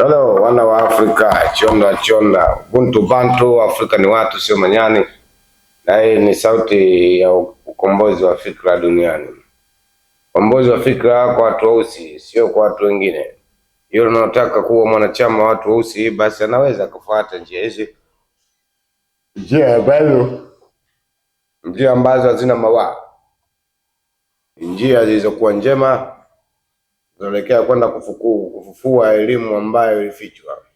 Hello wana wa Afrika, chonda chonda, buntu bantu. Afrika ni watu, sio manyani, na hii ni sauti ya ukombozi wa fikra duniani. Ukombozi wa fikra kwa watu weusi, sio kwa watu wengine. Yule unaotaka kuwa mwanachama wa watu weusi, basi anaweza kufuata njia hizi, njia ambazo njia ambazo hazina mawaa, njia zilizokuwa njema tunaelekea kwenda kufuku, kufufua elimu ambayo ilifichwa.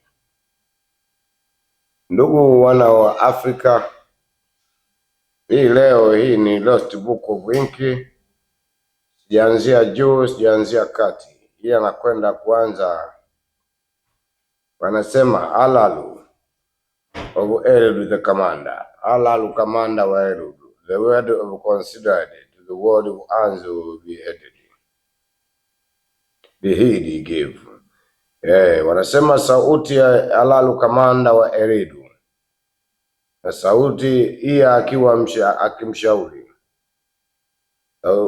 Ndugu wana wa Afrika, hii leo hii ni Lost Book of Ink. Sijaanzia juu, sijaanzia kati, hii anakwenda kuanza. Wanasema alalu of Erud the commander, alalu kamanda wa Erud, the word of considered to the word of Anzu be headed bihidi give. Eh, wanasema sauti ya alalu kamanda wa Eridu na sauti iya akiwa akimshauri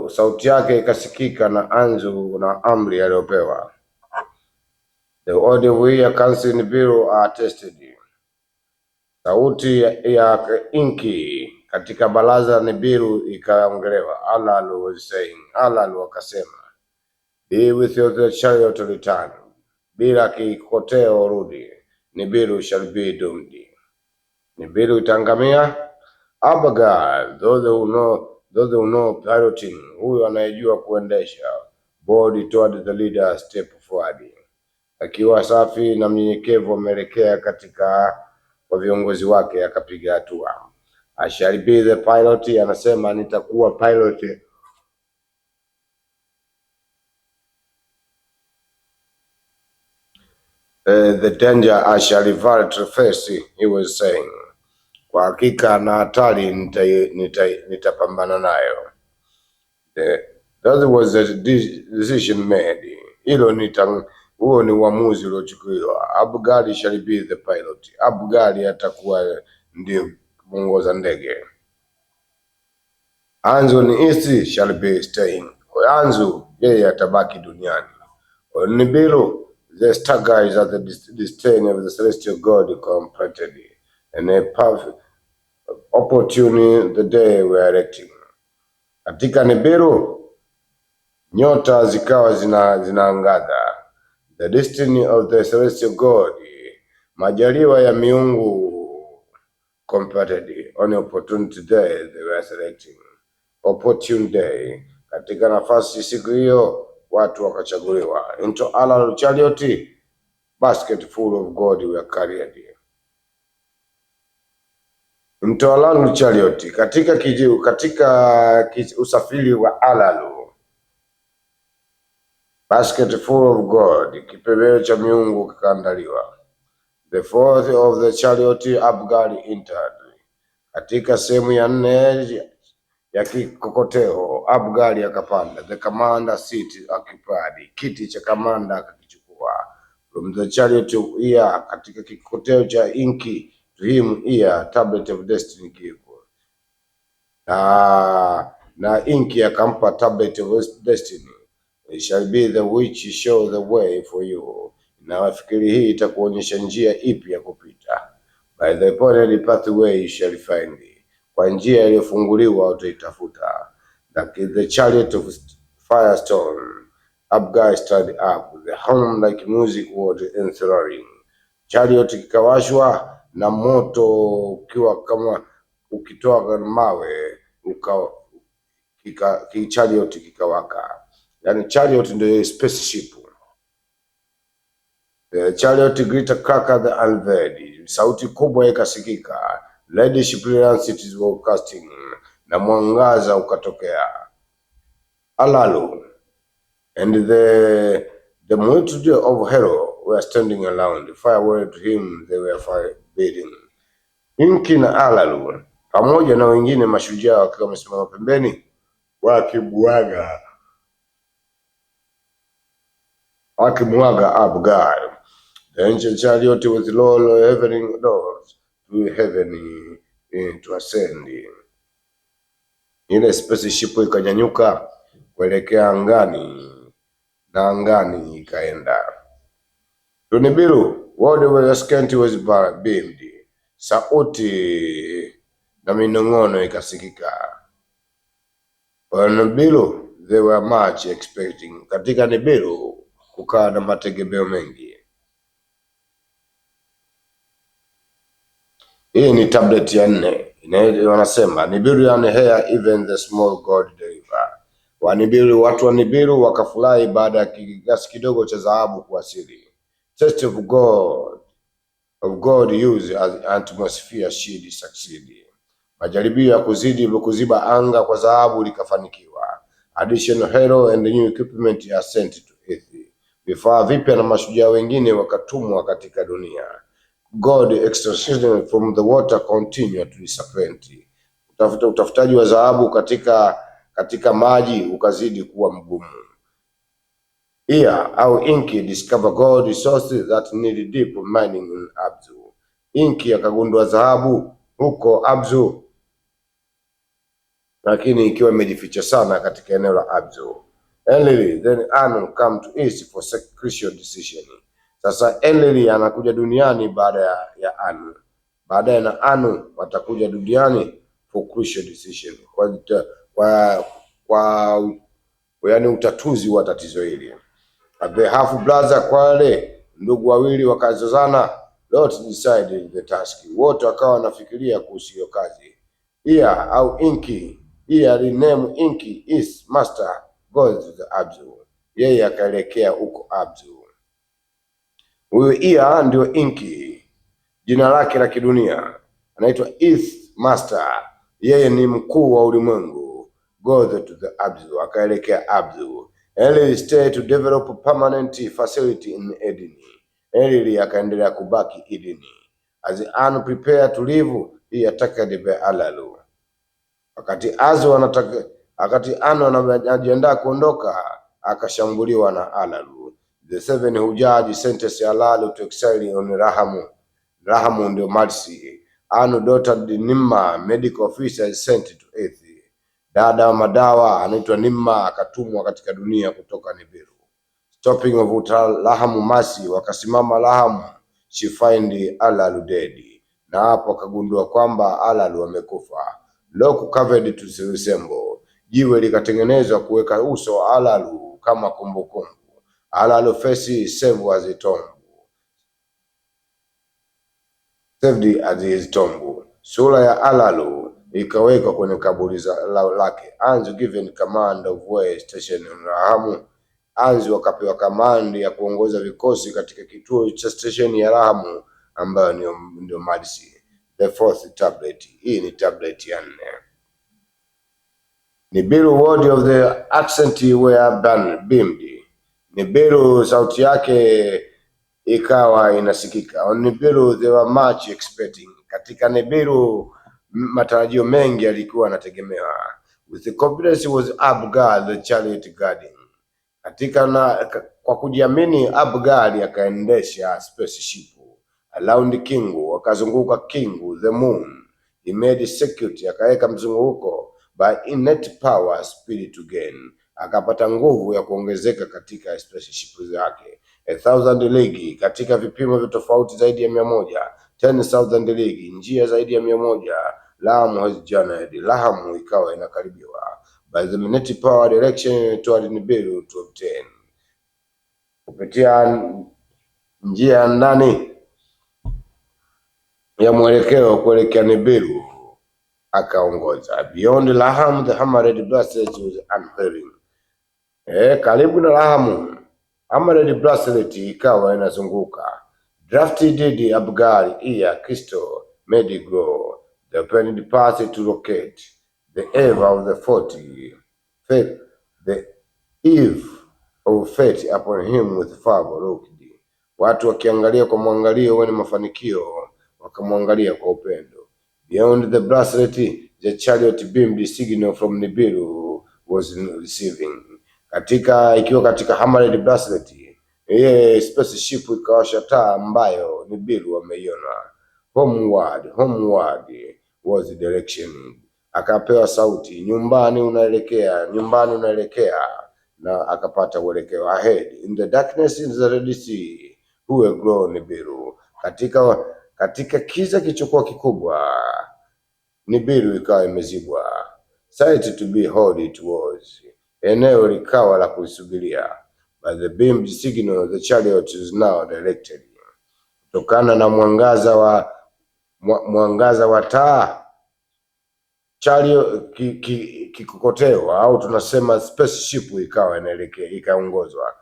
sauti yake ikasikika na Anzu na amri aliyopewa. The order we are council bureau are tested. Sauti ya inki katika baraza biru ikaongelewa. Alalu was saying, Alalu akasema Be with your chariot return bila kikoteo rudi, nibiru shall be doomed. Nibiru itangamia. abagal those who know, those who know piloting, huyo anayejua kuendesha. Board toward the leader step forward. Akiwa safi na mnyenyekevu ameelekea katika kwa viongozi wake, akapiga hatua. I shall be the pilot, anasema nitakuwa pilot Eh, the danger I shall ever face, he was saying, kwa hakika na hatari nitapambana nayo. Eh, that was a decision made, hilo huo ni uamuzi uliochukuliwa. Abgari shall be the pilot, Abgari atakuwa ndio mwongoza ndege. Anzu ni east shall be staying, Anzu yeye atabaki duniani. Nibiru The Stagires at the disdain of the celestial God confronted, and a perfect opportunity the day we are erecting. Katika Nibiru nyota zikawa zina zinaangaza. The destiny of the celestial God, majaliwa ya miungu confronted, on opportunity day they were selecting. Opportune day, katika nafasi siku hiyo watu wakachaguliwa into Alan chariot basket full of God we are carried here into Alan chariot katika kiji, katika kiji, usafiri wa Alalu basket full of God kipepeo cha miungu kikaandaliwa the fourth of the chariot Abgar entered katika sehemu ya nne ya kikokoteo Abgali akapanda, the commander seat akipadi, kiti cha kamanda akakichukua. From the chariot of ear, katika kikokoteo cha inki to him ear, tablet of destiny give. Na, na inki akampa tablet of destiny. It shall be the which show the way for you. Na Nawafikiri hii itakuonyesha njia ipi ya kupita. By the pointed pathway you shall find kwa njia iliyofunguliwa utaitafuta. Like the chariot of firestorm upgeisted up the home like music was enthralling. Chariot kikawashwa na moto ukiwa kama ukitoa mawe uka kika, ki chariot kikawaka. Yani chariot ndio spaceship. The chariot glitter cracked the unveiled. Sauti kubwa ikasikika Reddish brilliance broadcasting na mwangaza ukatokea. Alalu and the the multitude of hero were standing around farewell to him they were forbidding. Inki na Alalu pamoja na wengine mashujaa wakiwa wamesimama pembeni wakibwaga wakimwaga Abgar. The ancient chariot with low leveling doors heaven to ascend. Ile spaceship ikanyanyuka kuelekea angani na angani ikaenda. Tunibiru world was askant was beamed. Sauti na minong'ono ikasikika. Nibiru they were much expecting. Katika Nibiru kukawa na mategemeo mengi Hii ni tablet ya nne wanasema Nibiru and Here even the small God deliver. Wanibiru, watu wa Nibiru wakafurahi baada ya kiasi kidogo cha dhahabu kuwasili. Test of God of God use as atmosphere shield succeed. Majaribio ya kuzidi kuziba anga kwa dhahabu likafanikiwa. Additional hero and new equipment are sent to earth. Vifaa vipya na mashujaa wengine wakatumwa katika dunia. God extraction from the water continue to disappoint. Utafuta utafutaji wa dhahabu katika katika maji ukazidi kuwa mgumu. Here au Inki discover gold resources that need deep mining in Abzu. Inki akagundua dhahabu huko Abzu, lakini ikiwa imejificha sana katika eneo la Abzu. Anyway, then Anu come to East for crucial decision. Sasa Enlil anakuja duniani baada ya, ya Anu, Baada ya na Anu watakuja duniani for crucial decision, kwa, kwa, kwa kwa yaani utatuzi wa tatizo hili. The half brother kwa wale ndugu wawili wakazozana, Lot decided the task, wote wakawa wanafikiria kuhusu hiyo kazi. Ea au Inki, Ea rename Inki is master goes to the Abzu, yeye akaelekea huko Abzu Huyu ia ndio inki, jina lake la kidunia anaitwa Earth Master, yeye ni mkuu wa ulimwengu. Go to the Abzu, akaelekea Abzu. Eli stay to develop permanent facility in Edini. Eli akaendelea kubaki Edini. As an prepare to live hii atakadi be alalu. Wakati Azu anataka, wakati ano anajiandaa kuondoka akashambuliwa na alalu. The seven who judge sentence ya lalu to excel on Rahamu. Rahamu on the mercy Anu daughter Nimma medical officer is sent to earth. Dada wa madawa anaitwa Nimma akatumwa katika dunia kutoka Nibiru. Stopping of utra Utalahamu Masi, wakasimama Lahamu she find Alalu dead. Na hapo akagundua kwamba Alalu amekufa. Lock covered to resemble. Jiwe likatengenezwa kuweka uso wa Alalu kama kumbukumbu alalofesi sevu azitombu sevdi azitombu sura ya alalu ikawekwa kwenye kaburi lake. Anzu given command of way station Rahamu. Anzi wakapewa kamandi ya kuongoza vikosi katika kituo cha station ya Rahamu ambayo ndio ndio Madisi. The fourth tablet. Hii ni tablet ya nne. Ni bill word of the accent were beamed Nibiru sauti yake ikawa inasikika. On Nibiru they were much expecting. Katika Nibiru matarajio mengi yalikuwa yanategemewa. With the confidence was Abgar the chariot guarding. Katika na, kwa kujiamini Abgar akaendesha spaceship around Kingu, akazunguka Kingu the moon. He made circuit akaweka mzunguko by innate power spirit again akapata nguvu ya kuongezeka katika spaceship zake. 1000 ligi katika vipimo vya tofauti zaidi ya mia moja. 10000 ligi njia zaidi ya mia moja. has journeyed, lahamu ikawa inakaribiwa by the minute power direction to Nibiru to obtain kupitia njia ndani ya mwelekeo kuelekea Nibiru akaongoza beyond Laham the hammered blast was unfailing e, karibu na Rahamu Ahmed Bracelet ikawa inazunguka drafti didi Abgari iya Crystal Mediglow the opened pass to locate the eve of the forty faith the eve of fate upon him with favor looked. Watu wakiangalia kwa mwangalio wenye mafanikio wakamwangalia kwa upendo. Beyond the bracelet the chariot beamed signal from Nibiru was receiving katika ikiwa katika hammered bracelet yeye spaceship ikawasha taa ambayo ni Bill ameiona. Homeward, homeward was direction. Akapewa sauti nyumbani unaelekea, nyumbani unaelekea, na akapata uelekeo. Ahead in the darkness in the Red Sea who grown Bill, katika katika kiza kilichokuwa kikubwa ni Bill ikawa imezibwa. Sight to be hold it was eneo likawa la kusubiria. By the beam signal the chariot is now directed, kutokana na mwangaza wa mwangaza wa taa chariot kikokoteo ki, ki au tunasema spaceship ikawa inaelekea ikaongozwa.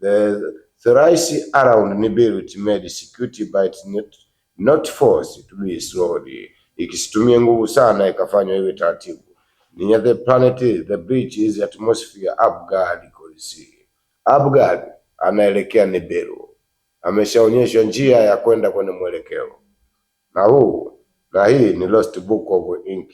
The thrice around ni built made security by it not, not force to be slowed, ikisitumia nguvu sana ikafanywa iwe taratibu. Near the planet the beach is atmosphere Apgard Kolisi. Apgard anaelekea Nibiru, ameshaonyeshwa njia ya kwenda kwenye mwelekeo na huu na hii ni Lost Book of Ink.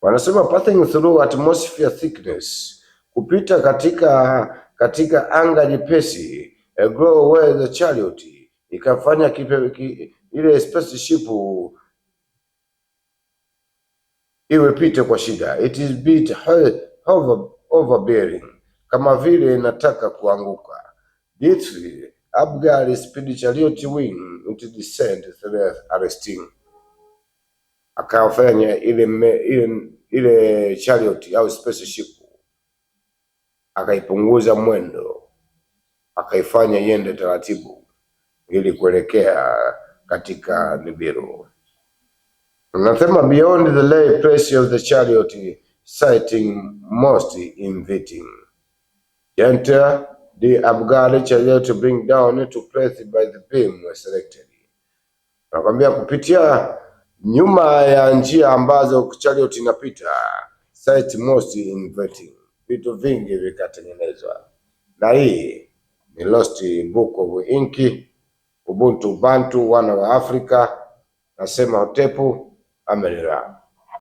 Wanasema passing through atmosphere thickness, kupita katika katika anga jepesi, a glow where the chariot ikafanya kipe, ki, ile spaceship iwepite kwa shida. It is bit overbearing, kama vile inataka kuanguka. Dithri Abgar spirituality wing it descend through arresting, akafanya ile ile ile chariot au ship akaipunguza mwendo akaifanya iende taratibu ili kuelekea katika Nibiru. Anasema beyond the lay place of the chariot sighting most inviting. Enter the abgari chariot to bring down to place by the beam selected. Nakwambia kupitia nyuma ya njia ambazo chariot inapita, sight most inviting. Vitu vingi vikatengenezwa, na hii ni Lost Book of Ink, Ubuntu Bantu, wana wa Afrika, nasema Hotepu عمل رائع